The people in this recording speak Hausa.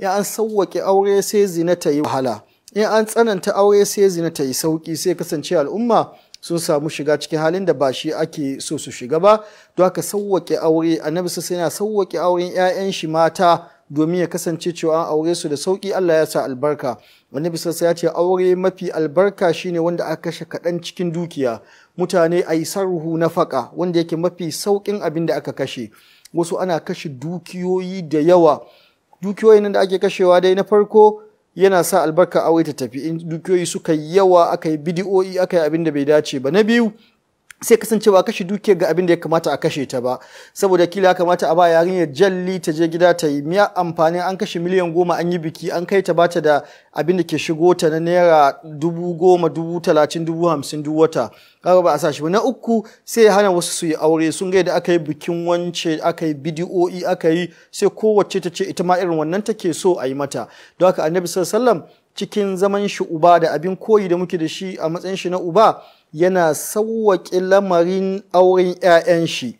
in an sauwaƙe aure sai zina ta yi wahala in an tsananta aure sai zina ta yi sauƙi sai kasance al'umma sun samu shiga cikin halin da ba shi ake so su shiga ba don haka sauwaƙe aure annabi sai yana sauwaƙe auren 'ya'yan shi mata domin ya kasance cewa an aure su da sauki Allah ya sa albarka annabi sai ya ce aure mafi albarka shine wanda aka kashe kaɗan cikin dukiya mutane a yi sarruhu na faƙa wanda yake mafi saukin abin da aka kashe wasu ana kashe dukiyoyi da yawa dukiyoyin da ake kashewa dai na farko yana sa albarka awai ta tafi in dukiyoyi suka yawa aka yi bidiyoyi aka yi abin da bai dace ba na biyu sai kasancewa kashe dukiyar ga abin da ya kamata a kashe ta ba saboda kila ya kamata a ba yarinyar jalli ta je gida ta yi miya amfani an kashe miliyan goma an yi biki an kai ta bata da abin da ke shigo ta na naira dubu goma dubu talatin dubu hamsin dubu wata kaga ba a sashi ba na uku sai ya hana wasu su yi aure sun ga da aka yi bikin wance aka yi bidiyo'i aka yi sai kowace ta ce ita ma irin wannan take so a yi mata don haka annabi sallallahu cikin zaman shi uba da abin koyi da muke da shi a matsayin shi na uba yana sauwaƙe lamarin auren 'ya'yan shi